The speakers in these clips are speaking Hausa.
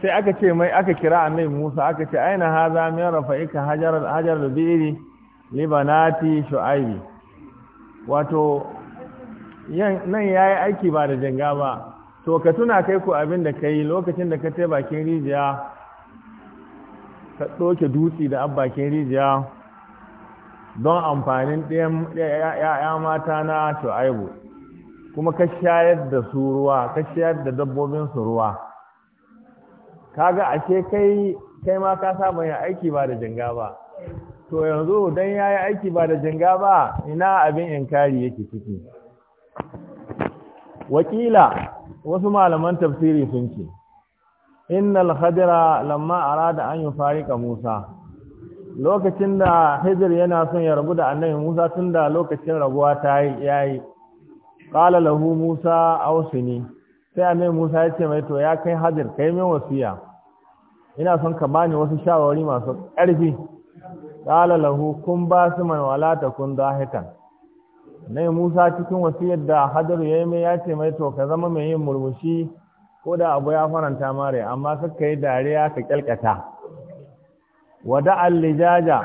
sai aka ce mai aka kira annabi Musa aka ce aina haza min rafa'ika hajar hajar al-biri libanati shu'aibi wato nan yayi aiki ba da janga ba to ka tuna kai ku abin da kai lokacin da ka tai bakin rijiya ka doke dutse da bakin rijiya don amfanin ɗayan ya mata na shu'aibu kuma ka shayar da su ruwa ka shayar da dabbobin su ruwa kaga ashe kai kai ma ka saba yin aiki ba da janga ba to yanzu dan yayi aiki ba da janga ba ina abin inkari yake ciki wakila wasu malaman tafsiri sun ce innal khadira lamma arada an yufarika musa lokacin da hijir yana son ya rabu da annabi musa tunda lokacin rabuwa ta yi yayi qala lahu musa awsini sai annabi musa ya ce mai to ya kai hajir kai mai wasiya ina son ka bani wasu shawari masu ƙarfi ƙala lahu kun ba su man wala kun dahikan yi Musa cikin wasu yadda da ya yi mai ya ce mai to ka zama mai yin murmushi ko da abu ya faranta mare amma kakka yi dariya ka kyalkata wada allijaja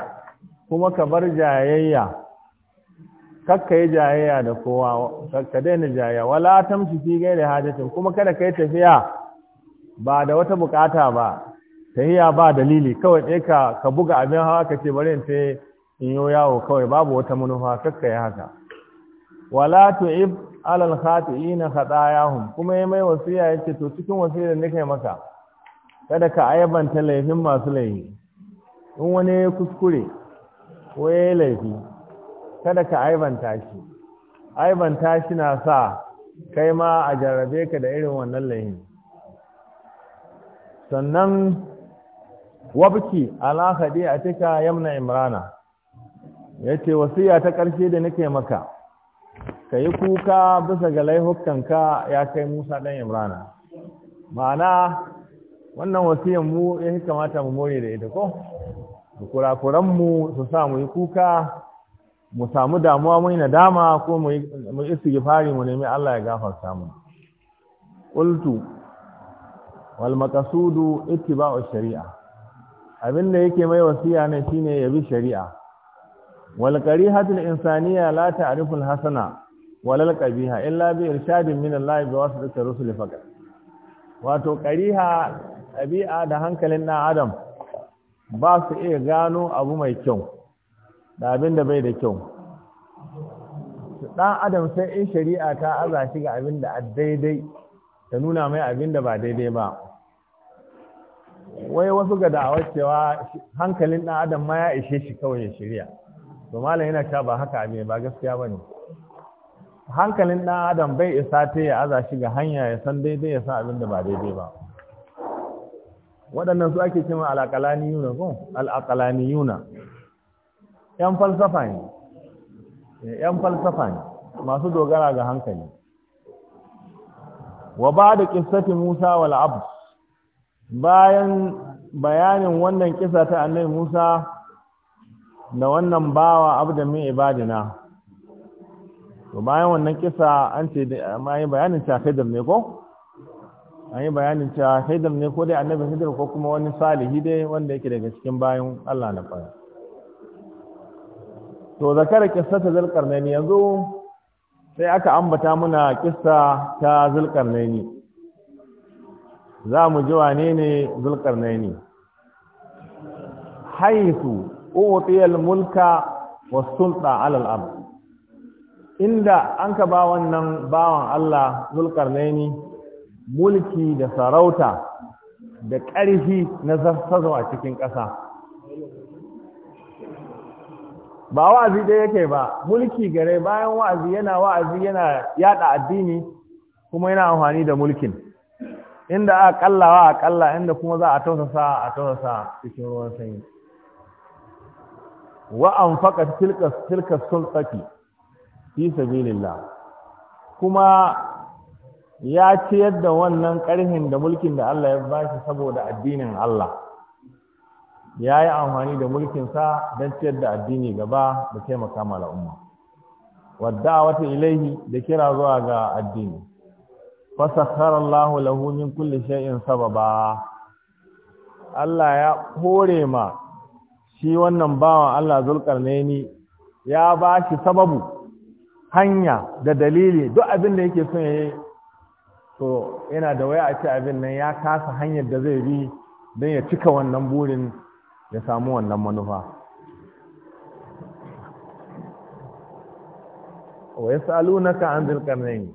kuma ka bar jayayya kakka yi jayayya da kowa ka daina jayayya wala tamshi fi gairi hajjacin kuma kada kai tafiya ba da wata bukata ba tahiya ba dalili kawai ɗaya ka ka buga abin hawa ka ce bari in ce in yi yawo kawai babu wata manufa kakka ya haka wala tu'ib alal khati'ina yahu. kuma yayi mai wasiya yace to cikin wasiyar da kai maka kada ka ayyabanta laifin masu laifi in wani ya kuskure ko ya yi laifi kada ka aibanta shi aibanta shi na sa kai ma a jarrabe ka da irin wannan laifin sannan wabki a cika, yamna imrana yace wasiya ta karshe da nake maka kayi kuka bisa ga laihukanka ya kai Musa dan Imrana ma'ana wannan wasiyan mu ya kamata mu more da ita ko kurakuran mu su sa mu yi kuka mu samu damuwa mu yi nadama ko mu yi istighfari mu nemi Allah ya gafarta mu qultu wal ittiba'u shari'a abin da yake mai wasiya ne shine ya bi shari'a wal qarihatul insaniya la ta'riful hasana walal qabiha illa bi irshadin min Allah bi wasitati rusul faqat wato qariha ƙabi'a da hankalin dan adam ba su iya gano abu mai kyau da abin da bai da kyau dan adam sai in shari'a ta aza shi ga abin da daidai ta nuna mai abin da ba daidai ba wai wasu ga da'awar cewa hankalin ɗan adam ma ya ishe shi kawai ya shirya to malam yana cewa ba haka ne ba gaskiya ba ne hankalin ɗan adam bai isa ta ya aza shi ga hanya ya san daidai ya san abin da ba daidai ba waɗannan su ake cewa al'aƙalani yuna ko al'aƙalani yuna ‘yan falsafa ne ‘yan falsafa ne masu dogara ga hankali wa ba da ƙissatin musa wal abd bayan bayanin wannan kisa ta annabi Musa da wannan bawa abda min ibadina to bayan wannan kisa an ce an yi bayanin ta Khidir ne ko an yi bayanin ta Khidir ne ko dai annabi Khidir ko kuma wani salihi dai wanda yake daga cikin bayan Allah na fara to zakara kissata zulkarnaini yanzu sai aka ambata muna kissa ta zulkarnaini za mu ji wane ne naini haisu utiyal mulka wa sulta al’alam inda an ka ba wannan bawan Allah Zulkar naini mulki da sarauta da ƙarfi na zazzazo a cikin ƙasa ba wa'azi ɗaya yake ba mulki gare bayan wa'azi yana wa'azi yana yada addini kuma yana amfani da mulkin inda a kallawa a kalla inda kuma za a tausasa a tausasa cikin ruwan sanyi wa faka tilka sun tsaki, fi sabilillah kuma ya ciyar da wannan karhin da mulkin da Allah ya bashi saboda addinin Allah ya yi amfani da mulkin sa don ciyar da addini gaba da taimaka ma umma. wadda wata ilaihi da kira zuwa ga addini fasakhara Allahu lahu min kulli shay'in sababa Allah ya hore ma shi wannan bawan Allah Zulkarnaini ya ba shi sababu hanya da dalili duk abin da yake son yayi to yana da waya a ce abin nan ya kasa hanyar da zai bi don ya cika wannan burin ya samu wannan manufa wa yas'alunaka an dhil qarnayn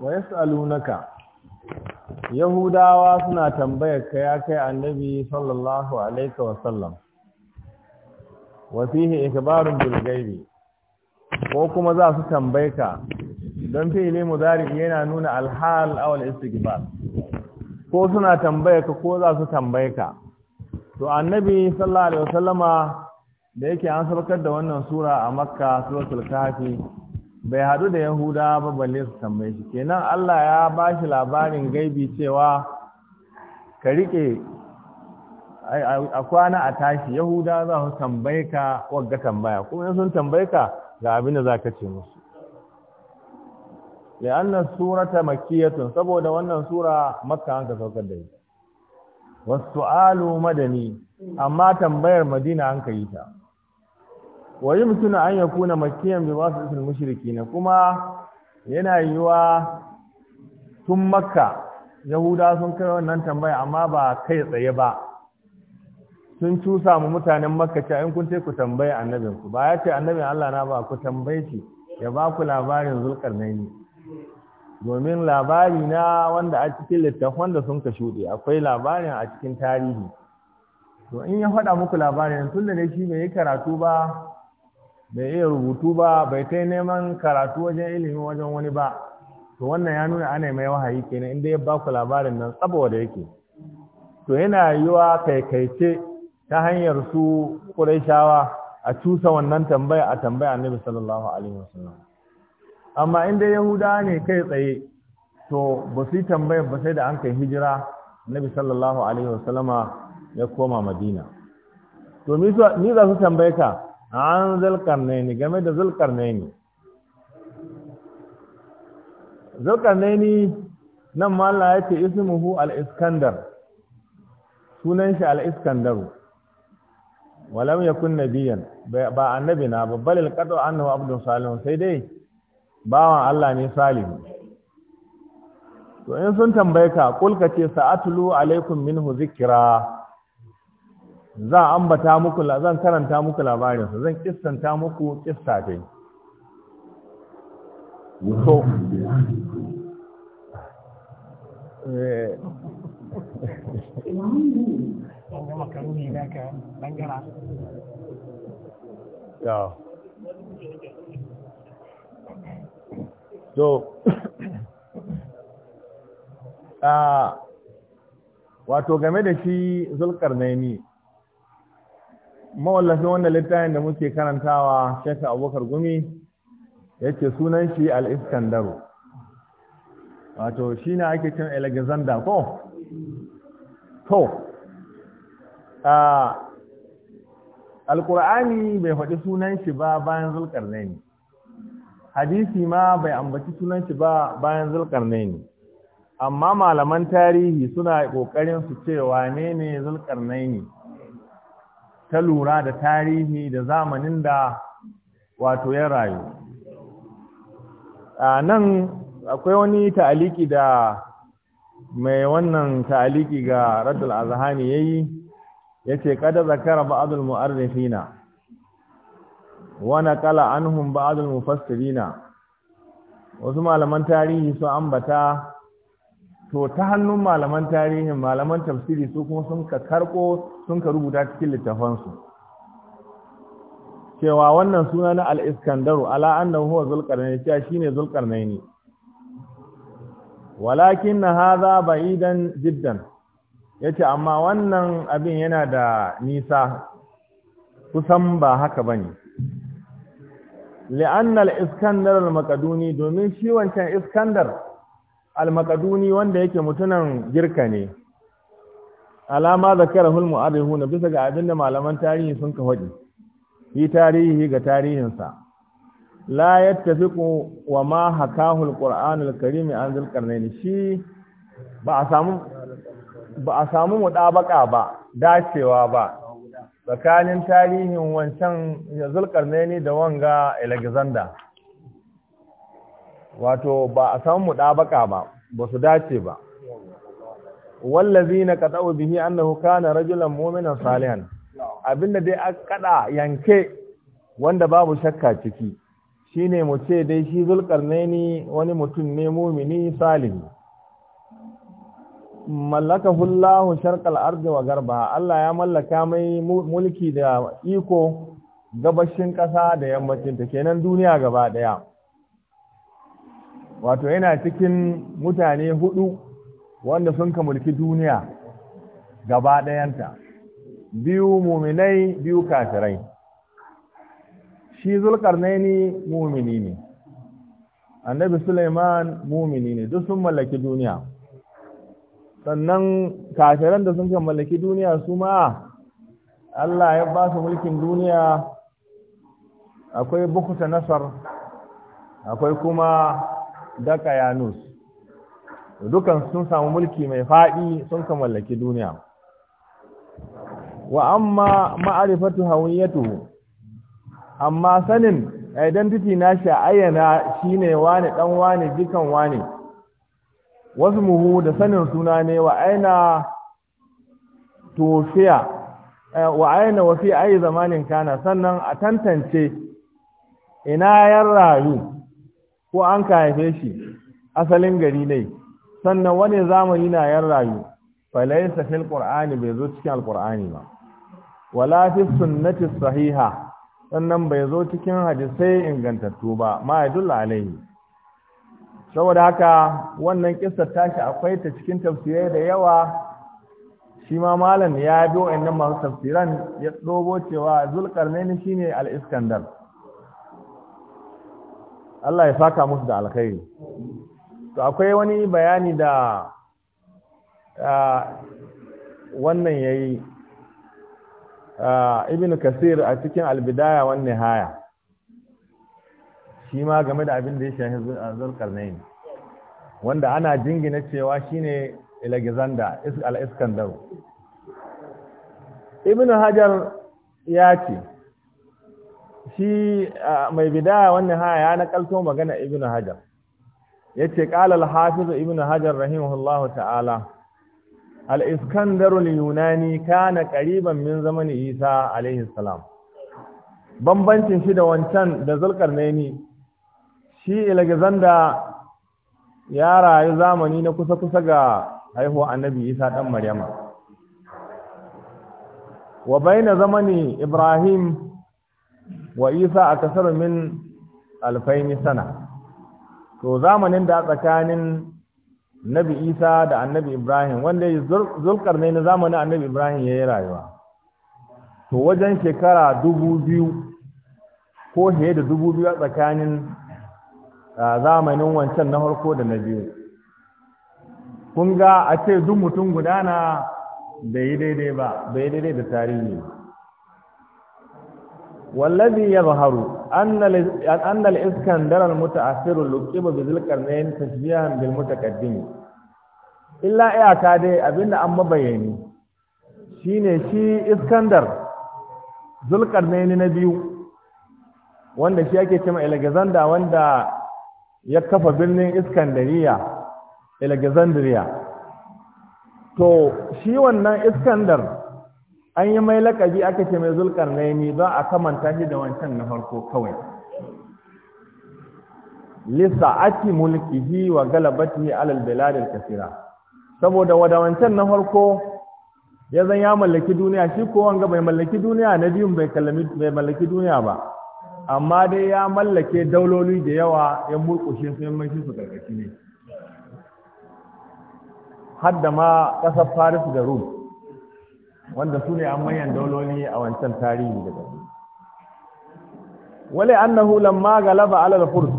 wa yas'alunaka yahudawa suna tambayar ka ya kai annabi sallallahu alaihi wa sallam wa fihi ikbarun bil ghaibi ko kuma za su tambaye ka don fili mudari yana nuna alhal al istighfar ko suna tambaye ka ko za su tambaye ka to annabi sallallahu alaihi sallama da yake an sarkar da wannan sura a makka suratul kahfi bai hadu da Yahuda ba balle su tambaye shi kenan Allah ya ba shi labarin gaibi cewa ka rike a kwana a tashi yahuda za su tambaye ka wagga tambaya kuma in sun tambaye ka ga abin da za ka ce musu la'annan surata makiyatun saboda wannan sura makka an ka saukar da ita wasu alu madani amma tambayar madina an ka yi ta wa yumkinu an yakuna makkiyan bi wasitil mushrikin kuma yana yiwa tun makka yahuda sun kai wannan tambaya amma ba kai tsaye ba sun cusa mu mutanen makka cewa in kun ku tambaye annabin ku ba ya ce annabin Allah na ba ku tambaye shi ya ba ku labarin zulkarnaini domin labari na wanda a cikin littafin da sun ka shuɗe akwai labarin a cikin tarihi to in ya faɗa muku labarin tun da shi mai yi karatu ba bai iya rubutu ba bai kai neman karatu wajen ilimi wajen wani ba to wannan ya nuna ana mai wahayi kenan inda ya baku labarin nan saboda yake to yana yiwa kaikaice ta hanyar su Qurayshawa a cusa wannan tambaya a tambaya Annabi sallallahu alaihi wasallam amma inda Yahuda ne kai tsaye to ba su tambaya ba sai da an kai hijira Annabi sallallahu alaihi wasallama ya koma Madina to ni za su tambaya ka an zulkarnaini game da zulkarnaini zulkarnaini nan malla yace ce ismuhu al-iskandar sunan shi al-iskandaru walam yakun nabiyan ba annabi na ba balil qadu annahu abdun salih sai dai bawan Allah ne salihu to in sun tambaye ka kul ka ce sa'atlu alaikum minhu zikira. za ambata muku zan karanta muku labarinsa zan kistanta muku kista ta so eh. so ah, wato game da shi zulkarnaini mawallafin wannan littafin da muke karantawa Sheikh Abubakar Gumi yake sunan shi Al-Iskandaru wato ne ake cin Alexander ko to ah Al-Qur'ani bai faɗi sunan shi ba bayan Zulkarnaini hadisi ma bai ambaci sunan shi ba bayan Zulkarnaini amma malaman tarihi suna kokarin su ce wane ne Zulkarnaini ta lura da tarihi da zamanin da wato ya rayu a nan akwai wani ta'aliki da mai wannan ta'aliki ga raddul azhani ya ce, kada zakara wani mu'arrafina wa naqala anhum ba'dul mufassirina wasu malaman tarihi su ambata to ta hannun malaman tarihin malaman tafsiri su kuma sun ka karko sun ka rubuta cikin littafansu cewa wannan suna na al-iskandaru ala annahu huwa zulqarnain cewa shine zulqarnain walakin hadha ba'idan jiddan yace amma wannan abin yana da nisa kusan ba haka bane li'anna al-iskandar al-maqduni domin shi wancan iskandar al wanda yake mutunan girka ne alama zakarahul mu'arrihun bisa ga abinda malaman tarihi sun ka faɗi yi tarihi ga tarihinsa la yattafiqu wa ma hakahu al karim an shi ba a samu ba a samu ba dacewa ba tsakanin tarihin wancan zulqarnain da wanga Alexander wato ba a samu ɗabaka ba ba su dace ba wallazi na kaɗa'u bihi annahu kana rajulan mu'minan salihan abinda dai aka kada yanke wanda babu shakka ciki shine mu ce dai shi zulkarnaini wani mutum ne mu'mini salihi mallaka hullahu sharqal ardi wa garba Allah ya mallaka mai mulki da iko gabashin ƙasa da yammacin kenan duniya gaba ɗaya. wato yana cikin mutane hudu wanda sun ka mulki duniya gaba ɗayanta biyu muminai biyu kafirai shi zulkarnaini mumini ne annabi suleiman mumini ne duk sun mallaki duniya sannan kafiran da sun mallaki duniya su ma Allah ya ba su mulkin duniya akwai bukuta nasar akwai kuma da kayanus dukan sun samu mulki mai faɗi sun kamallaki duniya wa amma ma'arifatu hawiyatu amma sanin identity nashi ayyana shine wani dan wani dukan wani muhu da sanin suna ne wa aina tofiya eh, wa aina wa fi ayi zamanin kana sannan a tantance ina yan rayu ko an ka haife shi asalin gari ne sannan wani zamani na yan rayu falaisa fil qur'ani bai zo cikin alqur'ani ba wala fi sunnati sahiha sannan bai zo cikin hadisai ingantattu ba ma yadullu alaihi saboda haka wannan ta tashi akwai ta cikin tafsirai da yawa shi ma malam ya bi wa'annan masu tafsiran ya dobo cewa zulkarnaini shine al-iskandar Allah ya saka musu da alkhairi to akwai wani bayani da wannan yayi ibn kasir a cikin albidaya wan nihaya shi ma game da abin da ya shafi zulkarnain wanda ana jingina cewa shine Alexander al-Iskandar ibn hajar ya ce shi mai bidaya wannan haya ya nakalto magana ibn hajar yace qala al-hafiz ibn hajar rahimahullah ta'ala al yunani kana qariban min zamani isa alayhi salam bambancin shi da wancan da zulkarnaini shi alexander ya rayu zamani na kusa kusa ga haihuwa annabi isa dan maryama wa baina zamani ibrahim wa isa a kasar min alfaini sana to zamanin da tsakanin nabi isa da annabi ibrahim wanda ya zulkar ne na zamanin annabi ibrahim ya yi rayuwa to wajen shekara dubu biyu ko fiye da dubu biyu a tsakanin a zamanin wancan na harko da na biyu kun ga a ce duk mutum gudana bai yi daidai ba bai daidai da tarihi wallazi yadhharu anna anna al-iskandar al-muta'assir luqiba bi dhil-qarnayn tashbihan bil mutaqaddim illa iyaka dai abinda an mabayani shine shi iskandar dhul-qarnayn na biyu wanda shi ake cewa Alexander wanda ya kafa birnin Iskandariya to shi wannan Iskandar an yi mai lakabi aka ce mai zulkar yi don a kamanta shi da wancan na farko kawai Lissa mulki, yi wa ne alal beladar kasira saboda wada wancan na farko ya zan ya mallaki duniya shi ko wanga bai mallaki duniya na biyun bai kalami bai mallaki duniya ba amma dai ya mallake dauloli da yawa ya murƙushe su yamma shi su karkashi ne hadda ma ƙasar faris da Rome wanda su ne an manyan dauloli a wancan tarihi daga wale annahu lamma galaba alal furs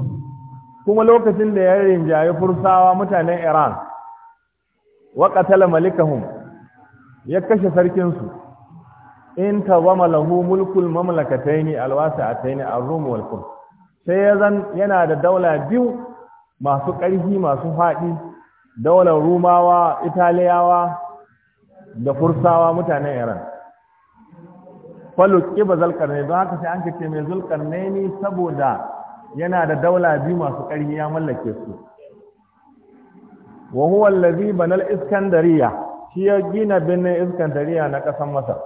kuma lokacin da ya rinjaye fursawa mutanen iran wa qatala malikahum ya kashe sarkin su in tawama lahu mulkul mamlakataini a ar-rum wal furs sai ya yana da daula biyu masu ƙarfi masu faɗi daular rumawa italiyawa da fursawa mutanen iran faluk ƙiba zalkarne don haka sai an kace mai ne saboda yana da daula biyu masu ƙarfi ya mallake su wa huwa allazi banal iskandariya shi ya gina birnin iskandariya na kasan masar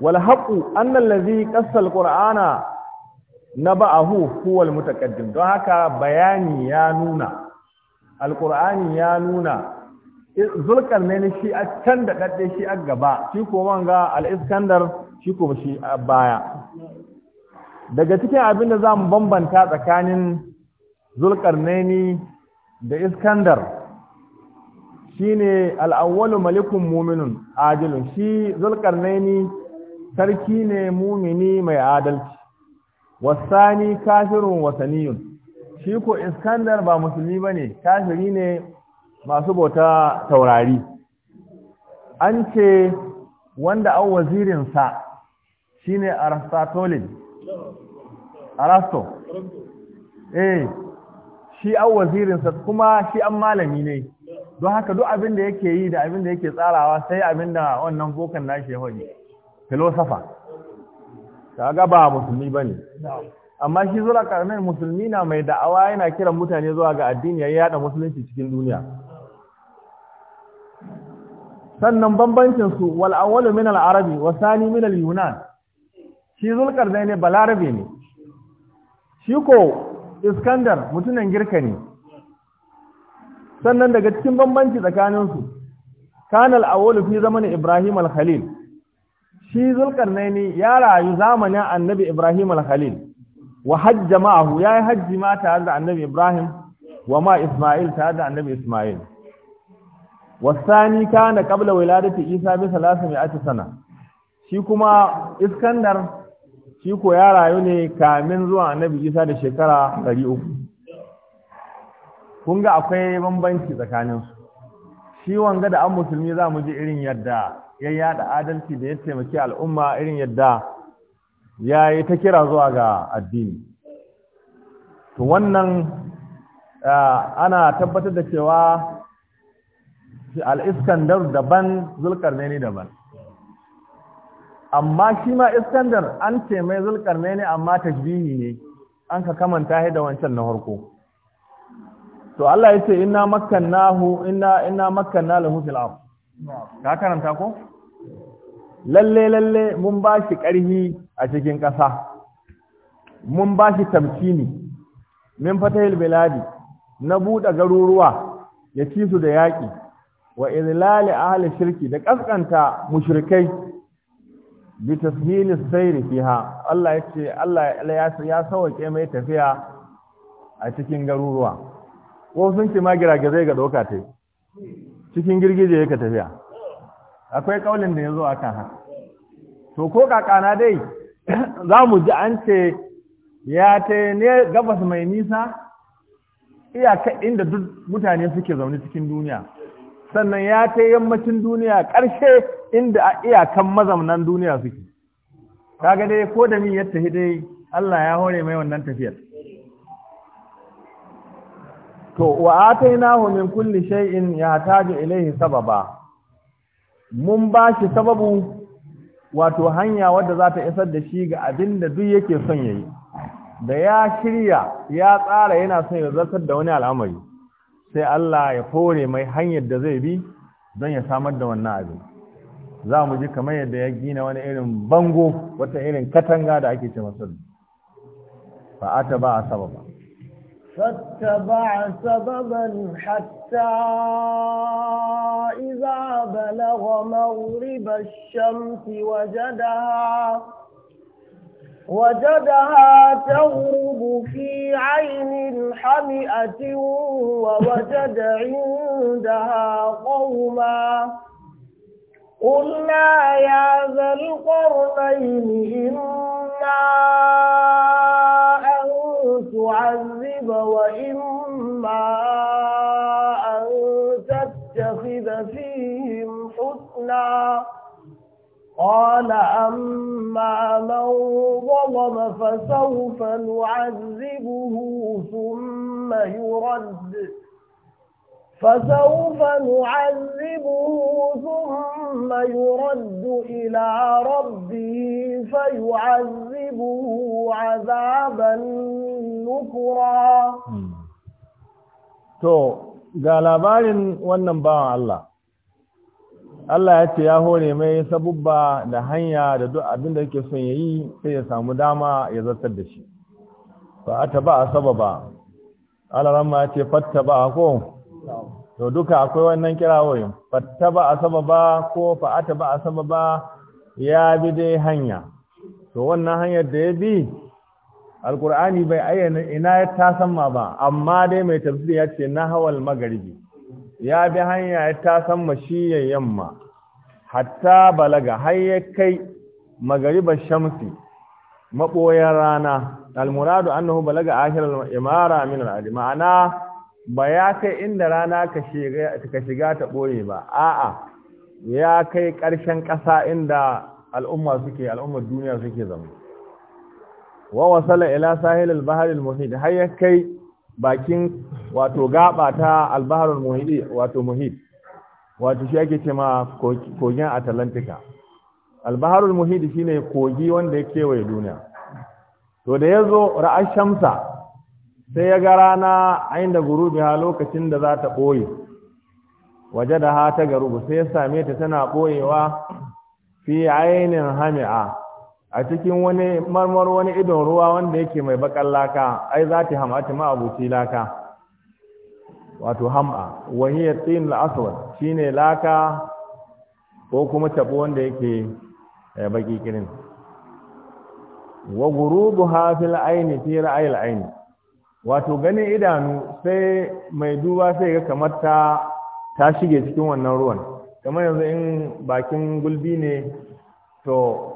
wal haqu anna allazi qassa alqur'ana naba'ahu huwa almutaqaddim don haka bayani ya nuna alqur'ani ya nuna zulkar ne shi a can da ɗaɗɗe shi a gaba shi ko ga al'iskandar shi ko shi a baya daga cikin abin da za mu bambanta tsakanin zulkar ne da iskandar shi ne al'awwalu malikun muminun ajilun shi zulkar ne sarki ne mumini mai adalci wasani kafirun wasaniyun shi ko iskandar ba musulmi ba ne kafiri ne masu bauta taurari an ce wanda an wazirinsa shi ne aristotolin arasto eh shi an wazirinsa kuma shi an malami ne don haka duk abin da yake yi da abin da yake tsarawa sai abin da wannan bokan nashi ya hoji filosofa ta gaba musulmi ba ne amma shi zura karnar musulmi na mai da'awa yana kiran mutane zuwa ga addini ya yada musulunci cikin duniya sannan bambancin su wal awwalu min al arabi wa sani min al yunan shi zulkarnain ne balarabe ne shi ko iskandar mutunan girka ne sannan daga cikin bambanci tsakanin su kana al awwalu fi zamanin ibrahim al khalil shi zulkarnain ya rayu zamanin annabi ibrahim al khalil wa hajja ma'ahu yayi hajji ma tare da annabi ibrahim wa ma isma'il tare da annabi isma'il wasani kana qabla wiladati isa bi 300 sana shi kuma iskandar shi ko ya rayu ne kamin zuwa annabi isa da shekara 300 kun ga akwai bambanci tsakanin su shi wanga da an musulmi za mu ji irin yadda ya yada adalci da ya taimaki al'umma irin yadda ya yi ta kira zuwa ga addini to wannan ana tabbatar da cewa al-iskandar daban ne daban amma shi ma iskandar an ce mai ne amma tashbihi ne an ka kamanta shi da wancan na farko to Allah ya ce inna na inna inna makkanna lahu fil ard ka karanta ko lalle lalle mun ba shi ƙarfi a cikin ƙasa mun ba shi tamkini min fatahil biladi na buɗe garuruwa ya ci su da yaƙi wa izlali ahli shirki da kaskanta mushrikai bi tashili sayr fiha Allah yace Allah ya sauke mai tafiya a cikin garuruwa ko sun ce ma zai ga doka tai cikin girgije yake tafiya akwai kaulin da yazo akan haka to ko kakana dai za mu ji an ce ya ta ne gabas mai nisa iyaka inda duk mutane suke zaune cikin duniya sannan ya ta yammacin duniya ƙarshe inda a iyakan mazaunan duniya suke kaga dai ko da min ya tafi dai Allah ya hore mai wannan tafiyar to wa nahu min kulli shay'in yahtaju ilai sababa mun ba shi sababu wato hanya wadda za ta isar da shi ga abin da duk yake son yayi da ya shirya ya tsara yana son ya zartar da wani al'amari sai Allah ya kore mai hanyar da zai bi don ya samar da wannan abin za mu ji kamar yadda ya gina wani irin bango wata irin katanga da ake ce Ba a ta ba sababa فاتبع سببا حتى إذا بلغ مغرب الشمس وجدها وجدها تغرب في عين حمئة ووجد عندها قوما قلنا يا ذا القرنين إما أن تعذب وإما أن تتخذ فيهم حسنا قال أما من ظلم فسوف نعذبه ثم يرد فسوف نعذبه ثم يرد إلى ربه فيعذبه عذابا نكرا تو قال بارن ونبا الله Allah ya ce ya hore mai sabubba da hanya da duk abin da yake son yayi sai ya samu dama ya zartar da shi ba a taba a sababa alarama ya ce fatta ba ko to duka akwai wannan kirawoyin fatta ba a sababa ko fa'ata ba a sababa ya bi dai hanya to wannan hanyar da ya bi alkur'ani bai ayyana ina ya tasamma ba amma dai mai tafsir ya ce na hawal magaribi ya bi hanya ya san mashiyar yamma hatta balaga har ya kai magariban shamsi maɓoyar rana almuradu annahu balaga akhir imara min al ma'ana ba ya kai inda rana ka shiga ka shiga ta boye ba a'a ya kai ƙarshen ƙasa inda al'umma suke al'ummar duniya suke zama wa wasala ila sahil al-bahr al-muhit har ya kai bakin wato gaba ta albaharul muhidi wato muhid wato shi ake cema kogin atlantika albaharul muhidi shine kogi wanda ya kewaye duniya to da ya zo ra'ar shamsa sai ya ga rana ayin da ha lokacin da za ta ɓoye waje da ha ta garubu sai ya same ta tana ɓoyewa fi ainihin hami'a a cikin wani marmar wani idon ruwa wanda yake mai bakan laka ai za ta hamata ma abuci laka wato ham'a wahiyar tsin shi ne laka ko kuma tabo wanda yake eh, baki kirin wa gurubu hafil aini fi ra'ayil aini wato ganin idanu sai mai duba sai ga kamar ta ta shige cikin wannan ruwan kamar yanzu in bakin gulbi ne to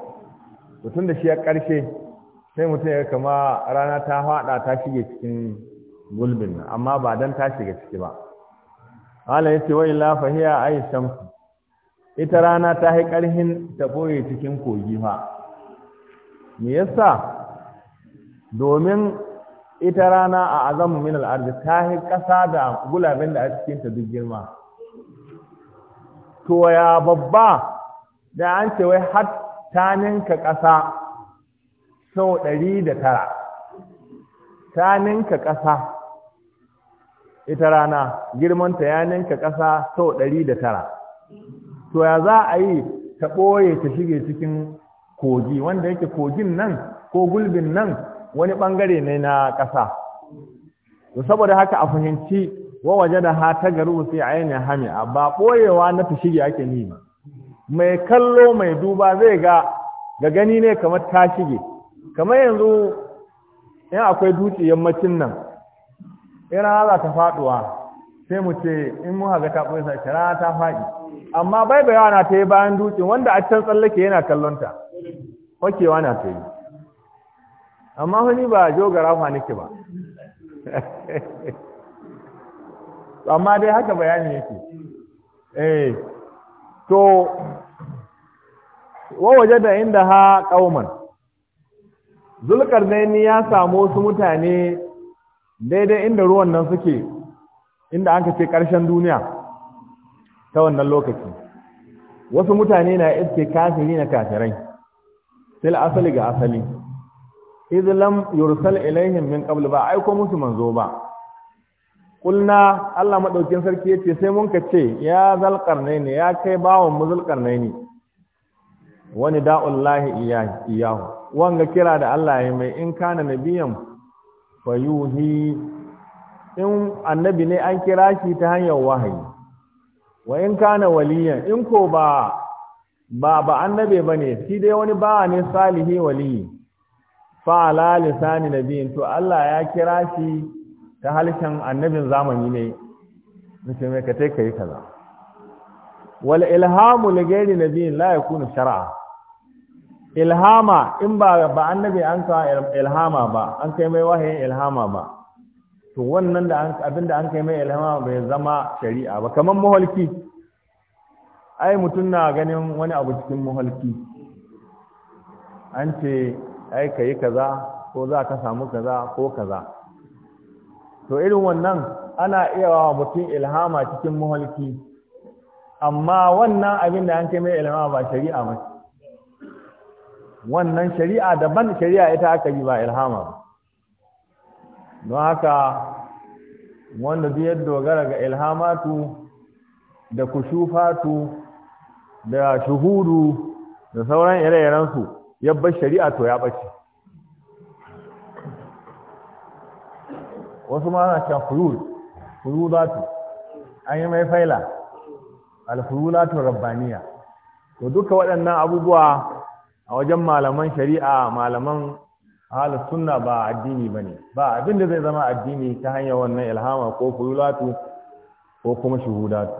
mutum da shi ya ƙarshe sai mutum ya kama rana ta faɗa ta shige cikin gulbin amma ba don ta shiga ciki ba ala ya ce wa illa fahiya ayi shamsu ita rana ta yi ƙarhin ta boye cikin kogi fa me yasa domin ita rana a azamu min al'arzi ta yi ƙasa da gulaben da a ta duk girma to ya babba da an ce wai har ta ninka ƙasa sau ɗari da tara ta ninka ƙasa ita rana girmanta ya ninka ƙasa sau ɗari da tara to ya za a yi ta ɓoye ta shige cikin kogi wanda yake kogin nan ko gulbin nan wani ɓangare ne na ƙasa to saboda haka a fahimci wa waje da ha ta garu sai a yi ne hami ba ɓoyewa na ta shige ake nima mai kallo mai duba zai ga ga gani ne kamar ta shige kamar yanzu in akwai dutse yammacin nan in rana za ta faduwa sai mu ce in mu haga ta ɓoye sai rana ta faɗi amma bai bai wana ta yi bayan dutse wanda a can tsallake yana kallonta wakewa na ta yi amma wani ba jogara fa nake ba amma dai haka bayani yake eh to waje da inda ha ƙauman ni ya samu wasu mutane daidai inda ruwan nan suke inda an ce ƙarshen duniya ta wannan lokaci wasu mutane na iske kafiri na kafirai sil asali ga asali izlam yursal ilaihim min qabl ba aiko musu manzo ba kulna Allah madaukin sarki yace sai mun ka ce ya ne ya kai bawon mu ne wani da'ullahi iyahu wanga kira da Allah ya mai in kana nabiyan fayuhi in annabi ne an kira shi ta hanyar wahayi wa in kana waliyan in ko ba ba ba annabi bane shi dai wani bawa ne salihi waliyi fa ala lisani nabiyin to Allah ya kira shi ta halittar annabin zamani ne nake mai ka yi kaza wal ilhamu li na biyun laye kuna shara'a ilhama in ba ba annabi an ka ilhama ba an kai mai wahayin ilhama ba to wannan da an da an kai mai ilhama bai zama shari'a ba kamar muhalki ai mutum na ganin wani abu cikin muhalki an ce ai ka yi kaza ko za ka samu kaza ko kaza to irin wannan ana iya wa mutum ilhama cikin muhalki amma wannan abin da an mai ilhama ba shari'a ba wannan shari'a daban shari'a ita aka yi ba ilhama ba don haka wanda zai dogara ga ilhamatu da kushufatu da shuhudu da sauran ire-irensu yabbar shari'a to ya ɓace wasu ma ana cewa furul an yi mai faila alfurulatu rabbaniya to duka waɗannan abubuwa a wajen malaman shari'a malaman ahlus sunna ba addini ba ne, ba abin da zai zama addini ta hanyar wannan ilhama ko fululatu ko kuma shuhudatu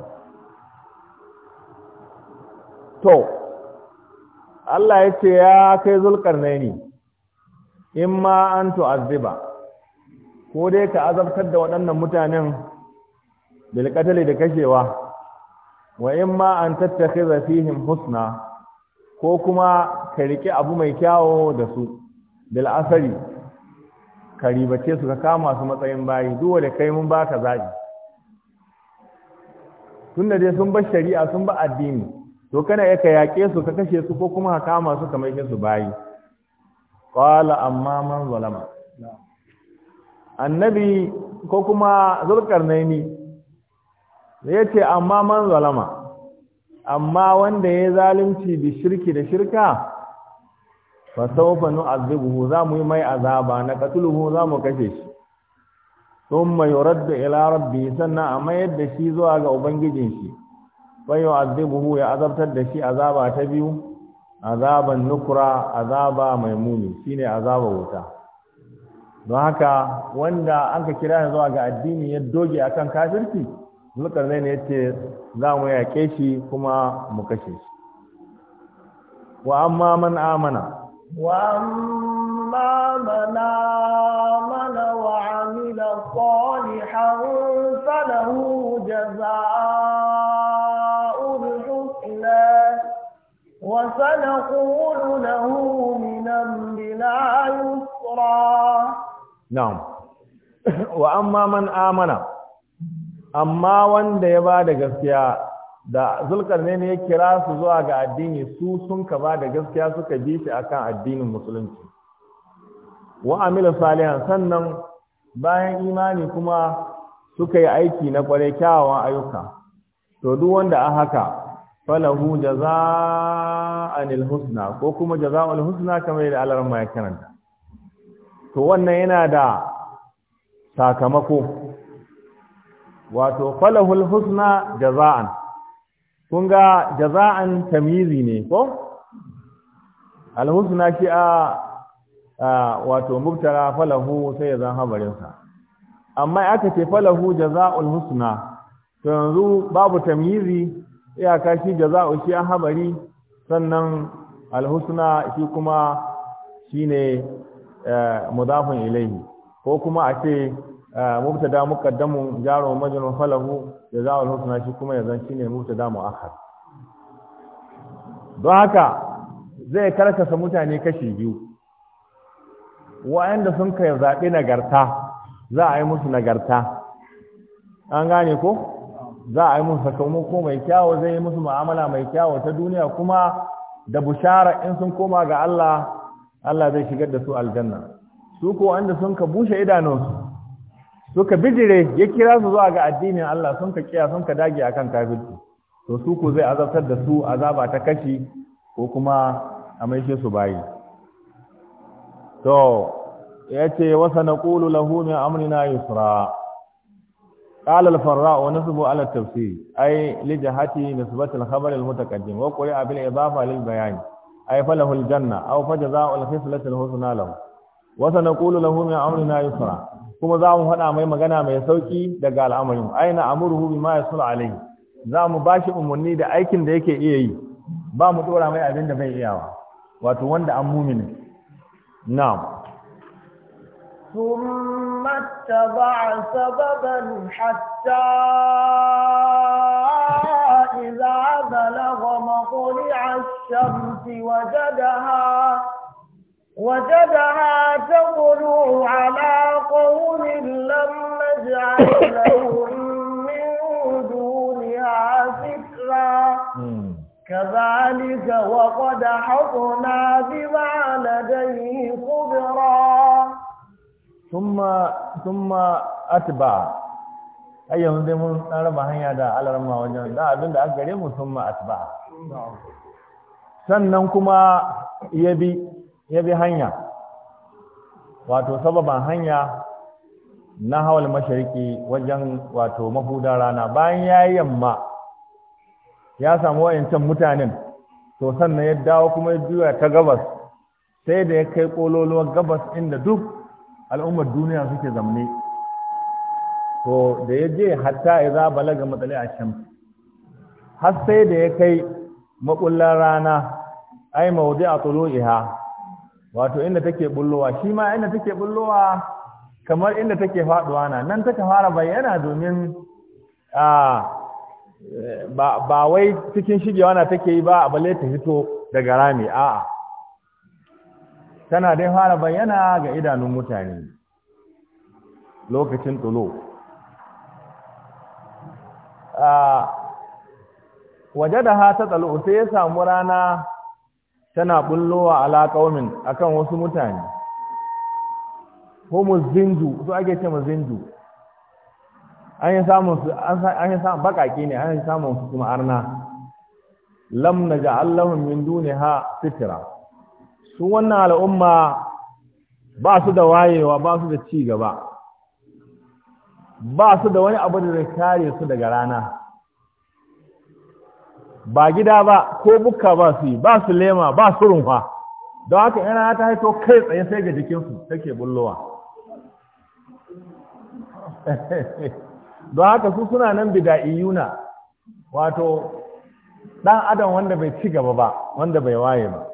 to Allah ya ce ya kai zulkar zulkarnaini in ma an tu'azziba ko dai ka azabtar da waɗannan mutanen bilƙatali da kashewa wa in ma an fihim husna ko kuma ka riƙe abu mai kyawo da su bil asari ka ribace su ka kama su matsayin bayi duk da kai mun zaɓi Tun da dai sun bar shari'a sun bar addini to kana iya ka yaƙe su ka kashe su ko kuma ka kama su ka maishe su bayi qala amma man zalama annabi ko kuma zulkarnaini ya ce amma man zalama amma wanda ya zalunci bi shirki da shirka fa sawfa nu'adhibuhu za mu yi mai azaba na katuluhu za mu kashe shi thumma yuraddu ila rabbi sannan amma mayar da shi zuwa ga ubangijin shi fa yu'adhibuhu ya azabtar da shi azaba ta biyu azaban nukra azaba mai muni shine azaba wuta don haka wanda an ka kira zuwa ga addini ya doge a kan kafirci zulkar ne yace za mu yaƙe shi kuma mu kashe shi wa amma man amana wa amma man amana wa amila salihan falahu jazaa'ul husna wa sanaqulu lahu min na'am wa amma man amana amma wanda ya ba da gaskiya da zulkar ne ya kira su zuwa ga addini su sun ka ba da gaskiya suka bi shi akan addinin musulunci wa amila salihan sannan bayan imani kuma suka yi aiki na kware kyawawan ayyuka to duk wanda a haka falahu jaza'anil husna ko kuma jaza'ul husna kamar yadda Allah ya karanta to wannan yana da sakamako wato falahul husna jaza'an kun ga jaza'an tamizi ne ko alhusna shi a wato mubtara falahu sai ya zan habarinsa amma aka ce falahu jaza'ul husna to yanzu babu tamyizi iyaka shi jaza'u shi an habari sannan alhusna shi kuma shine mudafun ilaihi ko kuma a ce mubtada muqaddamun jaru majnun falahu jazaa'ul husna shi kuma ya zan shine mubtada muakhar don haka zai karkasa mutane kashi biyu wa'anda sun kai zaɓi nagarta za a yi musu nagarta an gane ko za a yi musu sakamako mai kyawo zai yi musu mu'amala mai kyawo ta duniya kuma da bushara in sun koma ga Allah Allah zai shigar da su aljanna su ko wanda sun ka bushe idanunsu su suka bijire ya kira su zuwa ga addinin Allah sun ka kiya sun ka dage akan kafirci to su ko zai azabtar da su azaba ta kashi ko kuma a maishe su bayi to yace wa sanaqulu lahu min amrina yusra قال الفراء ونسبه على التفسير أي لجهته نسبة الخبر المتقدم وقرئ بالإضافة للبيان ay falahu janna aw al alkhislati na lahu wa sanaqulu lahu min amrina yusra kuma za mu faɗa mai magana mai sauki daga al'amarin aina amuruhu bima yasul alayhi za mu bashi umarni da aikin da yake iya yi ba mu dora mai abin da bai iyawa wato wanda an mumini na'am ثم اتبع سببا حتى إذا بلغ مطلع الشمس وجدها وجدها تطلع على قوم لم نجعل لهم من دونها سترا كذلك وقد حطنا بما لديه خبرا ثم ثم أتبع ai yanzu dai mun raba hanya da alarma wajen da abin da aka gare mu sun ma asba sannan kuma ya bi hanya wato sababan hanya na hawal mashariki wajen wato mahuda rana bayan ya yamma ya samu wayancan mutanen to sannan ya dawo kuma ya juya ta gabas sai da ya kai kololuwar gabas inda duk al'ummar duniya suke zamne to da ya je hatta ya za balaga matsali a can har sai da ya kai makullar rana ai maudi a iha wato inda take bullowa shi ma inda take bullowa kamar inda take faduwa na nan take fara bayyana domin ba wai cikin shigewa na take yi ba a balle ta fito daga rami a'a tana dai fara bayyana ga idanun mutane lokacin tulo waje da hata tsalo sai ya samu rana tana bullowa ala kaumin akan wasu mutane homo zinju su ake ce mu zinju an yi samun su an yi samun bakaƙi ne an yi samun su kuma arna lam ga allahun min ha fitira su wannan al'umma ba su da wayewa ba su da ci gaba ba su da wani abu da zai kare su daga rana ba gida ba ko bukka ba su yi ba su lema ba su rumfa don haka yana ta haito kai tsaye sai ga jikinsu take bullowa don haka su suna nan bida'iyuna wato ɗan adam wanda bai ci gaba ba wanda bai waye ba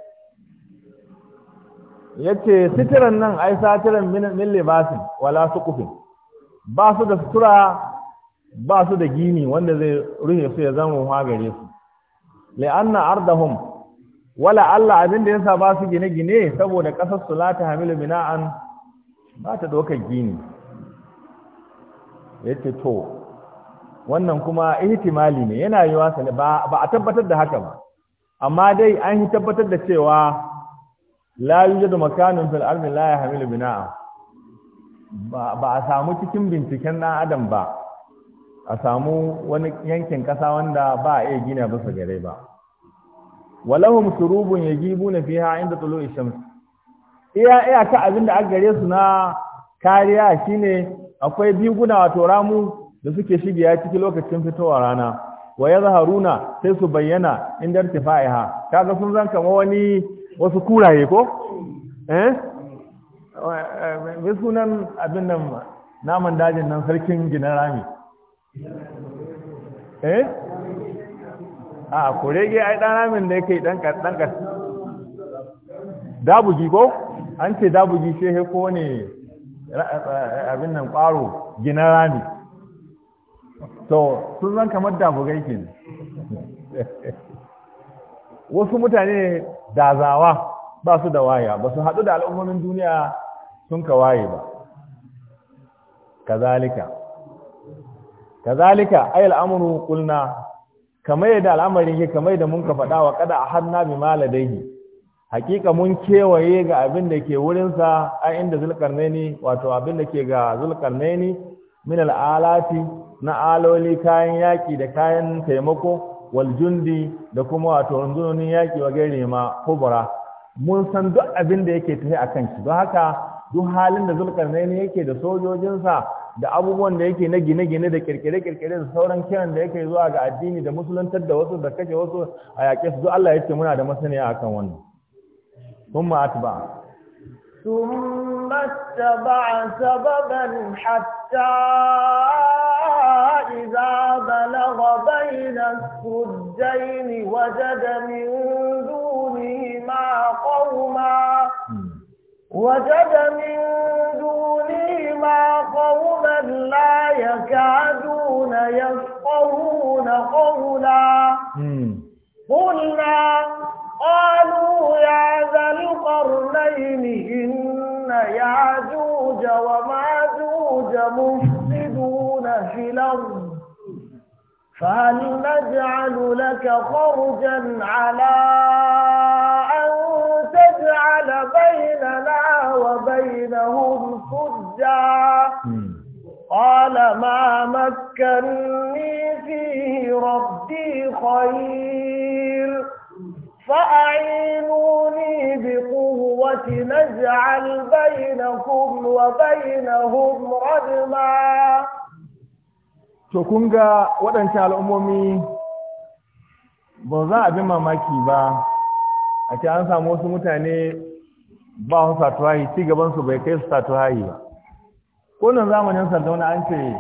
yace sitiran nan ai satiran min libasin wala suqufin ba su da sutura ba su da gini wanda zai rufe su ya zama ruwa gare su la'anna ardahum wala Allah abin abinda yasa ba su gine-gine saboda kasar su la ta hamilu bina'an ba ta dokar gini yace to wannan kuma ihtimali ne yana yiwa sa ba ba a tabbatar da haka ba amma dai an tabbatar da cewa la yujadu makanun fil ardi la hamilu bina'an ba a samu cikin binciken ɗan adam ba a samu wani yankin ƙasa wanda ba a iya gina bisa gare ba walahum surubun fiye fiha inda tulu'i shams iya iya ka abin da aka gare su na kariya shine akwai biguna wato ramu da suke shigiya ciki lokacin fitowar rana wa Haruna sai su bayyana inda irtifa'iha kaga sun zanka wani wasu kuraye ko eh mai sunan abin nan naman dajin nan sarkin gina rami eh a kurege ai dan ramin da yake dan dan dabugi ko an ce dabugi shehe ko ne abin nan kwaro gina rami to sun zan kamar dabugai ke wasu mutane dazawa ba su da waya ba su haɗu da al'ummomin duniya sun ka waye ba kazalika kazalika ay al'amru qulna kamar yadda al'amarin yake kamar da mun ka fada wa kada a hanna bi maladaihi hakika mun kewaye ga abin da ke wurinsa a inda zulkarnaini wato abin da ke ga zulkarnaini min al'alati na aloli kayan yaƙi da kayan taimako wal jundi da kuma wato rundunonin yaƙi wa gare ma kubra mun san duk abin da yake tafi a kan shi don haka duk halin da zulkarnain yake da sojojinsa da abubuwan da yake na gine-gine da kirkire-kirkire da sauran kiran da yake zuwa ga addini da musuluntar da wasu da kashe wasu a yaƙe su duk ya ce muna da masaniya akan wannan ثم أتبع a اتبع سببا حتى إذا بلغ waje da وجد من وجد من دونه ما قوما لا يكادون يفقهون قولا قلنا قالوا يا ذا القرنين إن يعجوج وماجوج مفسدون في الأرض فهل نجعل لك خرجا على أن تجعل بيننا بينهم فجعا قال ما مكنني فيه ربي خير فأعينوني بقوة نجعل بينكم وبينهم ردما to waɗancan al'ummomi ba za a bi mamaki ba a ce an samu wasu mutane ba wani satuhayi ci gabansu bai kai su yi ba kunan zamanin sardauna an ce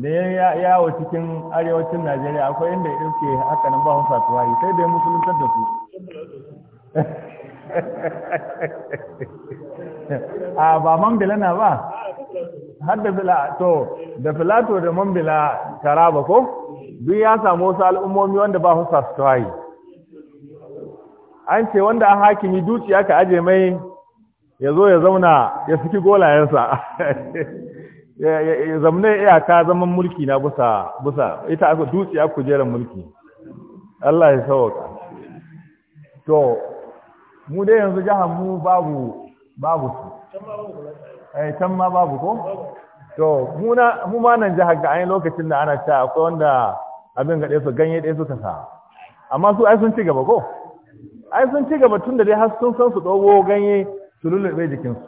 da ya yawo cikin arewacin najeriya akwai inda ya iske haka nan ba wani satuhayi sai dai ya da su a ba mambila na ba har da to da filato da mambila taraba ko duk ya samu wasu al'ummomi wanda ba su satuhayi an ce wanda a hakimi dukiya ka aje mai ya zo ya zauna ya saki golayensa ya zamne iyaka zaman mulki na busa busa ita aka dukiya kujerar mulki Allah ya sauka to mu dai yanzu jihar mu babu babu su eh can ma babu ko to mu na mu ma nan jihar ga ayin lokacin da ana ta akwai wanda abin ga ɗaya su ganye ɗaya suka sa amma su ai sun ci gaba ko ai sun ci gaba tun da dai har sun san su dogo ganye su lullube jikinsu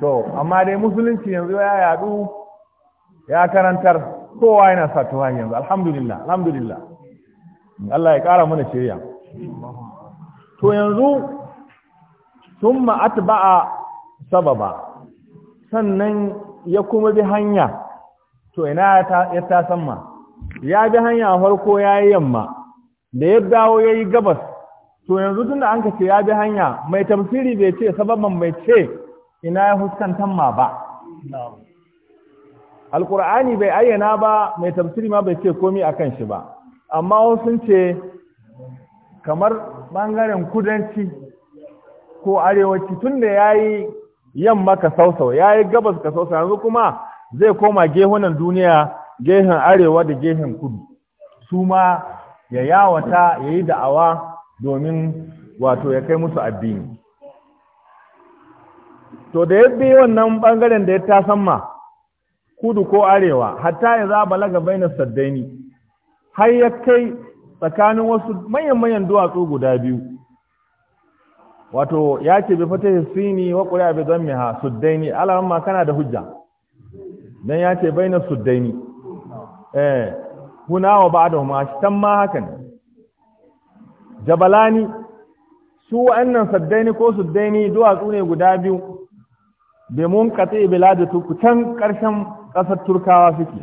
to amma dai musulunci yanzu ya yadu ya karantar kowa yana sa tuwa yanzu alhamdulillah alhamdulillah Allah ya kara mana shirya to yanzu thumma atba'a sababa sannan ya kuma bi hanya to ina ya ta samma ya bi hanya farko ya yi yamma da ya dawo ya yi gabas to yanzu tunda an ka ce ya bi hanya mai tamsiri bai ce sababan mai ce ina ya huskantan ma ba alkur'ani bai ayyana ba mai tafsiri ma bai ce komi a kan shi ba amma sun ce kamar ɓangaren kudanci ko arewaci tunda yi yamma ka sausau yi gabas ka sausau yanzu kuma zai koma gehunan duniya gehen arewa da gehen kudu su ma ya yawata ya yi da'awa domin wato ya kai musu addini to da ya bi wannan bangaren da ya tasamma kudu ko arewa hatta ya za balaga baina saddaini har ya kai tsakanin wasu manyan-manyan duwatsu guda biyu wato ya ce bi fata sini wa ƙuri'a bi zan miha suddaini alamma kana da hujja don ya ce baina suddaini eh hunawa ba da ma shi tamma haka ne jabalani su wa'annan saddaini ko suddaini duwatsu ne guda biyu bai mun katse biladu tuku can ƙarshen ƙasar turkawa suke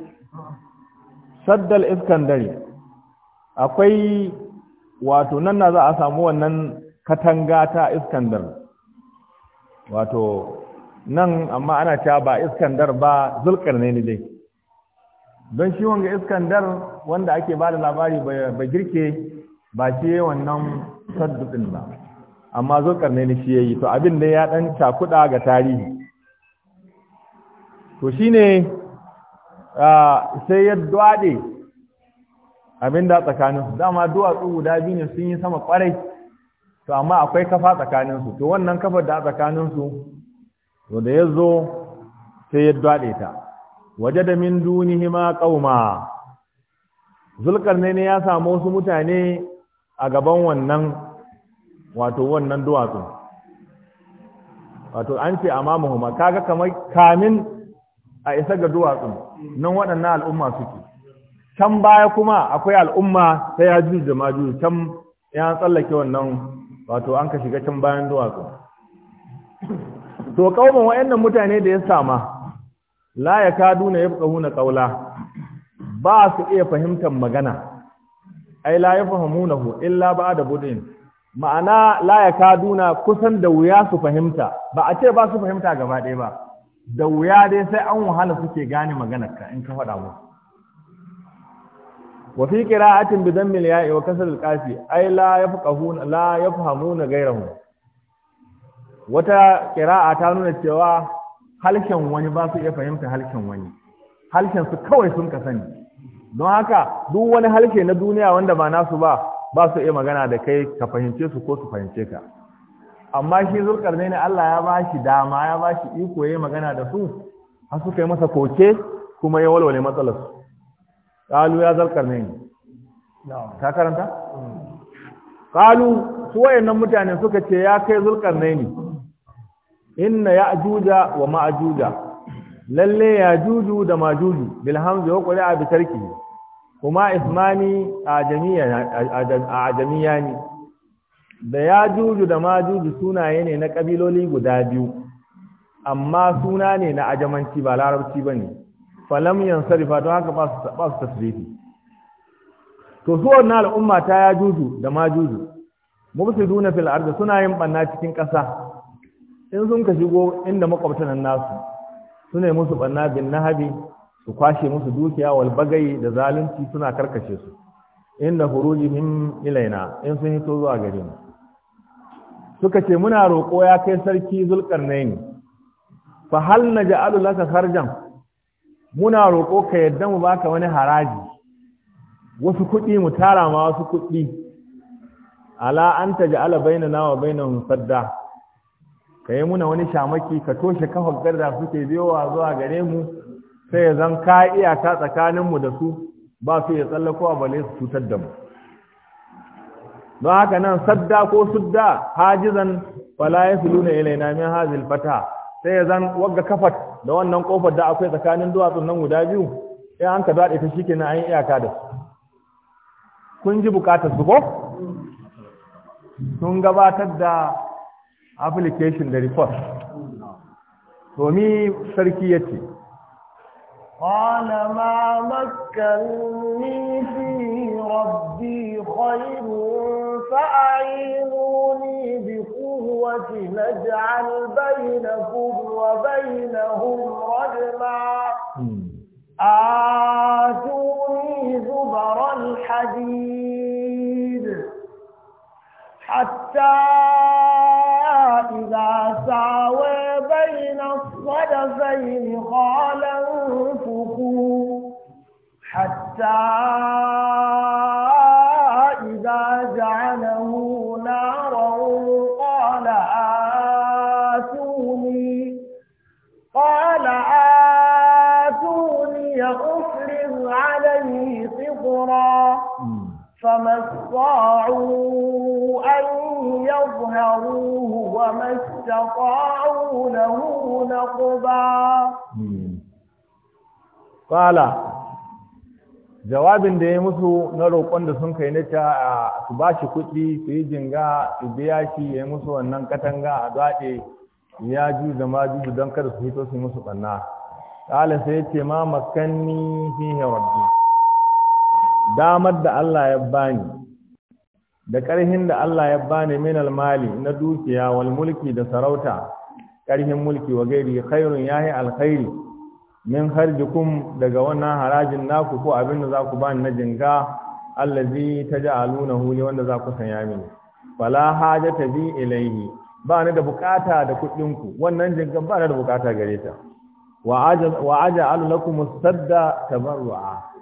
saddal iskandari akwai wato nan na za a samu wannan katanga ta iskandar wato nan amma ana cewa ba iskandar ba zulkar ne dai don shi wanga iskandar wanda ake ba da labari ba girke ba shi yi wannan sadduɗin ba amma zulkarnaini shi yayi to abin da ya dan cakuɗa ga tarihi to shine sai ya duwaɗe abin da tsakaninsu dama duwatsu guda biyu ne sun yi sama kwarai to amma akwai kafa tsakaninsu to wannan kafa da tsakaninsu to da ya zo sai ya duwaɗe ta waje da min dunihima qauma zulkarnaini ya samu wasu mutane a gaban wannan wato wannan duwatsu wato an ce amma amamuhuma kaga kamar kamin a isa ga duwatsun nan waɗannan al'umma suke can baya kuma akwai al'umma ta yajuj da majuj can ya tsallake wannan wato an ka shiga can bayan duwatsu to kauman wayannan mutane da ya sama la yakaduna yafqahuna qawla ba su iya fahimtar magana ai la yafhamunahu illa ba'da budin ma'ana la yakaduna kusan da wuya su fahimta ba a ce ba su fahimta gaba ɗaya ba da wuya dai sai an wahala suke gane maganar ka in ka faɗa mu wa fi qira'atin bi dhammil ya'i wa kasr al-qafi ai la yafqahuna la yafhamuna ghayrahu wata qira'a ta nuna cewa halshen wani ba su iya fahimta halshen wani halshen su kawai sun ka sani don haka duk wani halshe na duniya wanda ba nasu ba ba su iya magana da kai ka fahimce su ko su fahimce ka amma shi ne ne Allah ya ba shi dama ya ba shi iko yayi magana da su har suka yi masa koke kuma ya walwale matsalar su qalu ya zulkarnain ka karanta qalu su wayannan mutane suka ce ya kai ne inna ya'juja wa ma'juja lalle ya juju da majuju bil hamzi wa qira'a bi tarki kuma ismani ajamiya ne da ya juju da majuju sunaye ne na kabiloli guda biyu amma suna ne na ajamanci ba larabci bane falam yansarifa don haka ba su tasrifi to su wannan al'umma ta ya juju da majuju mubsiduna fil ardi suna yin banna cikin ƙasa in sun ka shigo inda makwabtan nasu sune musu banna bin nahabi su kwashe musu dukiya wal bagai da zalunci suna karkace su inda min ilaina in sun hito zuwa gare mu suka ce muna roƙo ya kai sarki zulkarnaini fa hal naj'alu laka kharjan muna roƙo ka yadda mu baka wani haraji wasu kuɗi mu tara ma wasu kuɗi ala an ja'ala bainana wa bainahum sadda ka yi muna wani shamaki ka toshe kafar garda suke biyowa zuwa gare mu sai ya zan ka iyaka tsakaninmu da su ba su ya tsallako a bale su cutar da mu don haka nan sadda ko sudda hajizan fala ya fi luna na min hazil fata sai ya zan wagga kafar da wannan kofar da akwai tsakanin duwatsun nan guda biyu sai an ka daɗe ta shike na an iyaka da su kun ji bukatar su ko sun gabatar da application da report to domin sarki yace qala ma makkani fi rabbi khairun fa'ainuni bi quwwati naj'al ja'al bainakum wa bainahum rajma آتوني زبر الحديد حتى إذا ساوى بين الصدفين قال انفقوا حتى إذا جعله نارا قال آتوني قال آتوني أفرغ عليه قطرا فما استطاعوا أن يظهروه وما استطاعوا له نقبا قال jawabin da ya musu na roƙon da sun kai na a su ba shi kuɗi su yi jinga su biya shi ya yi musu wannan katanga a zaɗe ya ji da ma don kada su hito su yi musu ɓanna ƙala ya ce ma makanni fi rabbi damar da Allah ya bani da ƙarhin da Allah ya bani min almali na dukiya wal mulki da sarauta ƙarhin mulki wa gairi khairun yahi alkhairi min harjikum daga wannan harajin naku ko abin da za bani na jinga allazi taj'alunahu li wanda za ku sanya mini fala hajata bi ilayhi ba ni da bukata da kuɗin ku wannan jinga ba da bukata gare ta wa aja wa aja lakum sadda tabarru'a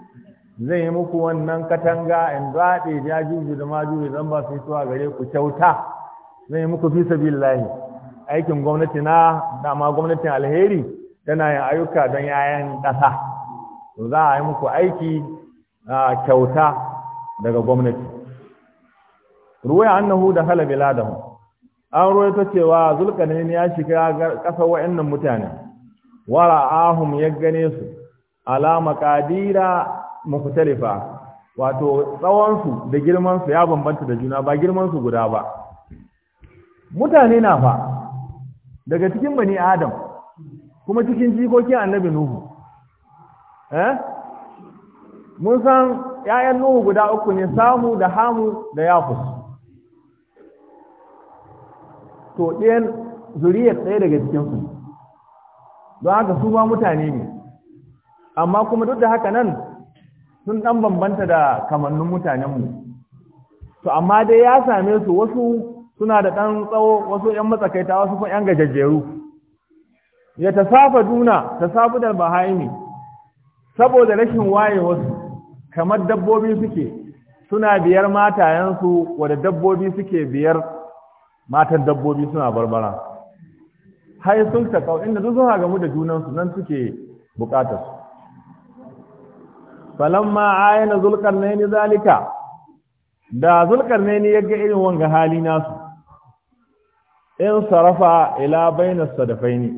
zai yi muku wannan katanga in zaɗe ya juju da ma juju zan ba su zuwa gare ku kyauta zai yi muku fi sabilillahi aikin gwamnati na dama gwamnatin alheri tana yin ayyuka don yayan ƙasa to za a yi muku aiki a kyauta daga gwamnati ruwaya annahu da hala biladahu an ruwa ta cewa zulkarnain ya shiga ƙasar wa'annan Wara ahum ya gane su alama kadira mukhtalifa wato tsawonsu da girmansu ya bambanta da juna ba girmansu guda ba mutane na fa daga cikin bani adam kuma cikin jikokin annabi nuhu eh mun san ƴaƴan nuhu guda uku ne samu da hamu da yafus to ɗayan zuriyar ɗaya daga cikinsu don haka su ma mutane ne amma kuma duk da haka nan sun ɗan bambanta da kamannin mutanenmu to amma dai ya same su wasu suna da ɗan tsawo wasu ‘yan matsakaita wasu kuma ‘yan gajajjeru ya tasafa duna tasafu da bahaimi saboda rashin waye wasu kamar dabbobi suke suna biyar matayensu wadda dabbobi suke biyar matan dabbobi suna barbara Hai sun taƙau inda duk sun gamu da junansu nan suke bukatarsu. falamma ayana zulkarnaini zalika da ya yaga irin wanga hali nasu in sarafa ila bainas sadafaini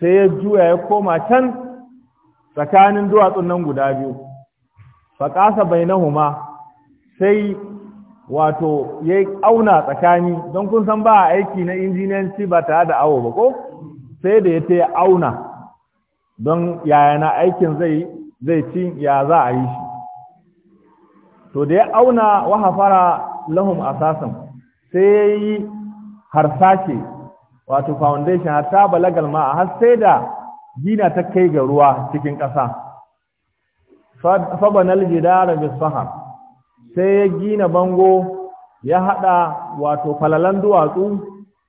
sai ya juya ya koma can tsakanin duwatsun nan guda biyu faƙasa bainahuma sai wato ya auna tsakani don kun san ba aiki na injiniyanci ba tare da awo ba ko sai da ya ta auna don yayana aikin zai zai ci ya za a yi shi to da ya auna wa hafara lahum asasan sai ya yi harsashe wato foundation ta balagal ma har sai da gina ta kai ga ruwa cikin ƙasa fabanal jidara bis sahar sai ya gina bango ya hada wato falalan duwatsu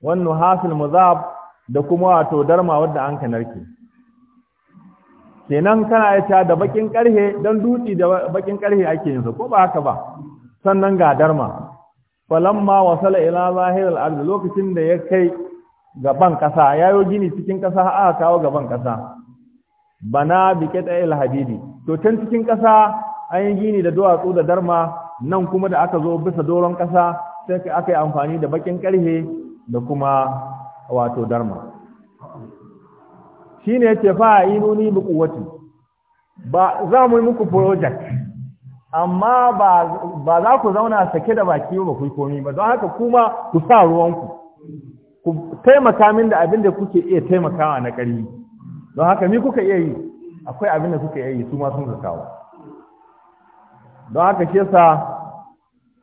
wannan hasil muzab da kuma wato darma wadda an kanarke kenan kana ya ta da bakin karhe don dutse da bakin karhe ake yin su? ko ba haka ba sannan ga darma falamma wasala ila zahir al-ard lokacin da ya kai gaban kasa yayo gini cikin kasa aka kawo gaban kasa bana bi ɗaya hadidi to can cikin kasa an yi gini da duwatsu da darma nan kuma da aka zo bisa doron kasa sai aka yi amfani da bakin karhe da kuma wato darma shine yace fa inuni bi quwwati ba za mu muku project amma ba za ku zauna sake da baki ba ku komi ba don haka kuma ku sa ruwanku ku taimaka min da abin da kuke iya taimakawa na ƙari don haka mi kuka iya yi akwai abin da kuka iya yi su ma sun zakawa don haka shi yasa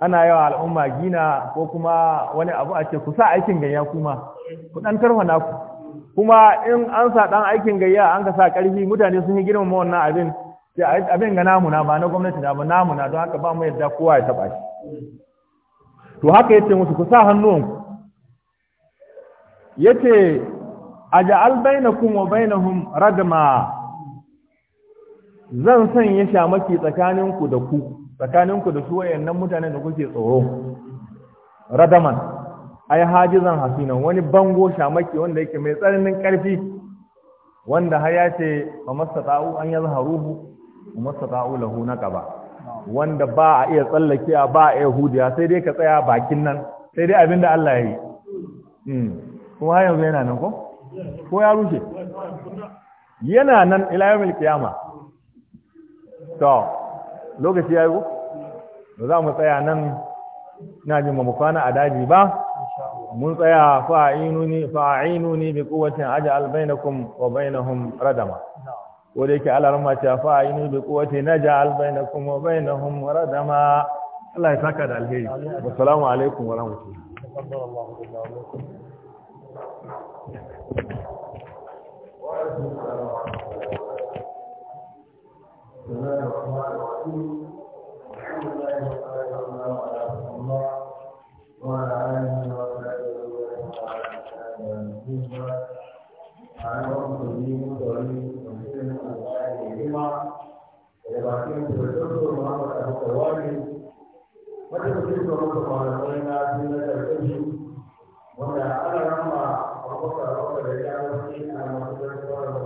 ana yawa al'umma gina ko kuma wani abu a ce ku sa aikin ganya kuma ku ɗan tarwa ku. kuma in an sa dan aikin gayya an ka sa karfi mutane sun yi girmama wannan abin abin ga namuna ba na gwamnati na ba namuna don haka ba mu yadda kowa ya taba shi to haka yace musu ku sa hannun yace aja'al bainakum wa bainahum radma zan ya sanya shamaki tsakaninku da ku tsakaninku da su wayannan mutanen da kuke tsoro radaman ai hajizan hasinan wani bango shamaki wanda yake mai tsananin karfi wanda har ya ce fa mastata'u an yazharuhu masa mastata'u lahu naqaba wanda ba a iya tsallake ba a yahudiya sai dai ka tsaya bakin nan sai dai abinda Allah ya yi mm kuma har yanzu yana nan ko ko ya rushe yana nan ila yawmil qiyama to lokaci yayi ko za mu tsaya nan ina jin mu kwana a daji ba mun tsaya fa'inuni fa'inuni bi quwwatin aji albainakun wa bainahun radama wadda yake Allah rahma ta fa'inu bi quwwati naj'al bainakum wa bainahun radama Allah ya saka da alheri assalamu alaikum wa rahmatullahi wa barakatuh ma'ana musulmi musulmi musulmi alƙari hima da bakin turtutu muhammad abu kawari wata mutum da muka malamai na sun na karkashi wanda ana rama abubakar wanda da ya wasu a masu